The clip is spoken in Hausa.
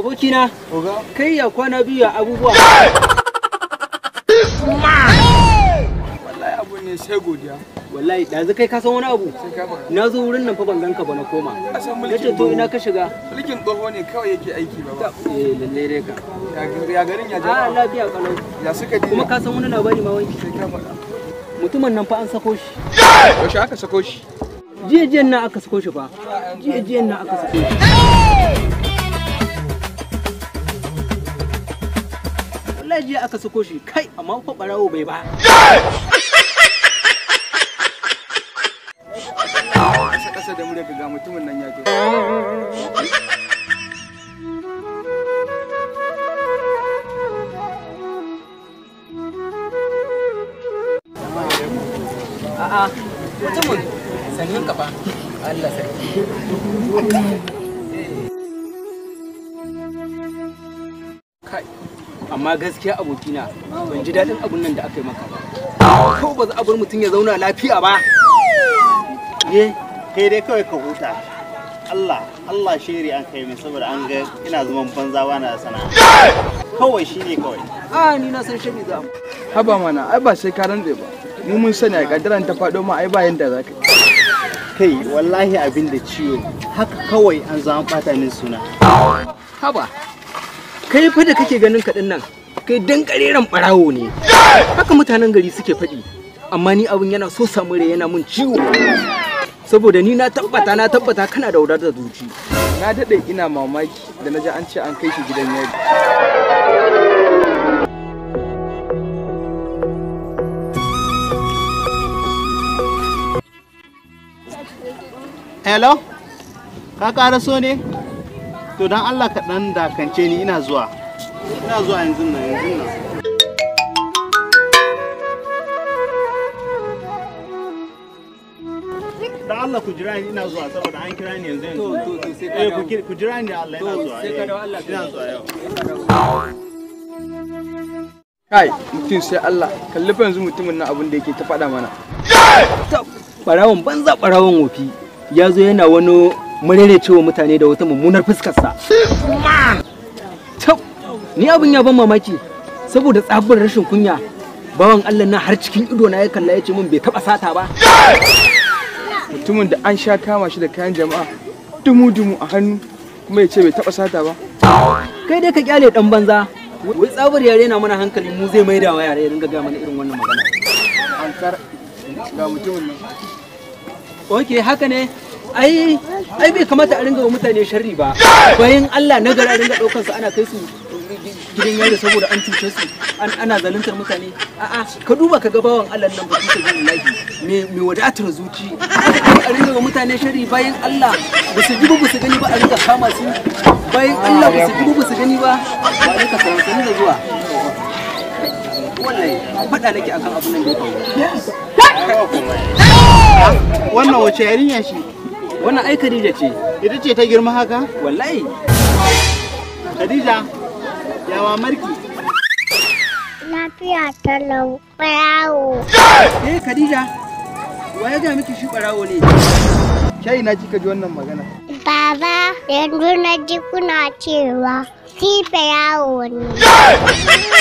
abokina kai ya kwana biyu abubuwa wallahi abu ne sai godiya wallahi yanzu kai ka san wani abu na zo wurin nan fa ban ganka ba na koma na ce to ina ka shiga mulkin tsoho ne kawai yake aiki ba eh lalle dai ka ya garin ya jama'a a ah, lafiya kalau ya suka ji kuma ka san wani labari ma wai mutumin nan fa an sako shi yaushe aka sako shi jiya jiyan nan aka sako shi fa jiya jiyan nan aka sako shi wallahi aka sako shi kai amma ko barawo bai ba kasa da ga mutumin nan ya ke a'a mutumin ka Allah sarki amma gaskiya abokina ban ji daɗin abun nan da aka yi maka ba ko ba za a bar mutum ya zauna lafiya ba ye kai dai kawai ka huta Allah Allah shiri an kai mai saboda an ga ina zaman banza bana da sana'a kawai shi ne kawai a ni na san shi za haba mana ai ba sai karan rande ba mu mun sani a kadaran ta faɗo ma ai ba yanda za ka kai wallahi abin da ciwo haka kawai an zama bata min suna haba kai fa da kake ganin kaɗin nan kai dan ƙareren ɓarawo ne haka mutanen gari suke faɗi amma ni abin yana so samu rai yana mun ciwo saboda ni na tabbata na tabbata kana da wadatar zuci na daɗe ina mamaki da naji an ce an kai shi gidan yari hello ka ƙara so ne to don Allah ka dan dakance ni ina zuwa ina zuwa yanzu nan yanzu nan da Allah ku jira ni ina zuwa saboda an kira ni yanzu yanzu to to sai ka eh, ku jira ni da Allah ina zuwa sai ka eh, da Allah ina zuwa yau kai mutum sai Allah kalli fa yanzu mutumin nan abin da yake ta faɗa mana barawon banza barawon wofi ya zo yana wani murere cewa mutane da wata mummunar fuskarsa ni abin ya ban mamaki saboda tsabar rashin kunya bawan allah na har cikin ido na ya kalla ya ce min bai taba sata ba mutumin da an sha kama shi da kayan jama'a dumu dumu a hannu kuma ya ce bai taba sata ba kai dai ka kyale dan banza wai tsabar yare na mana hankali mu zai maida wa yare dinga ga mana irin wannan magana an ga mutumin nan okay haka ne ai ai bai kamata a ringa wa mutane sharri ba bayan Allah na gara ringa daukar su ana kai su gidan yaro saboda an cuce su ana zaluntar mutane a'a ka duba ka ga bawan Allah nan ba su da lahi me me wadatar zuci a ringa wa mutane sharri bayan Allah ba su jibu ba su gani ba a ringa kama su bayan Allah ba su jibu ba su gani ba ba ringa sanin da zuwa wallahi faɗa nake akan abun nan da ya faru wannan wace yarinya ce wannan ai Khadija ce ita ce ta girma haka wallahi Khadija yawa marki lafiya lau barawo eh Khadija waye ga miki shi barawo ne kai na ji ka ji wannan magana baba yanzu na ji kuna cewa shi barawo ne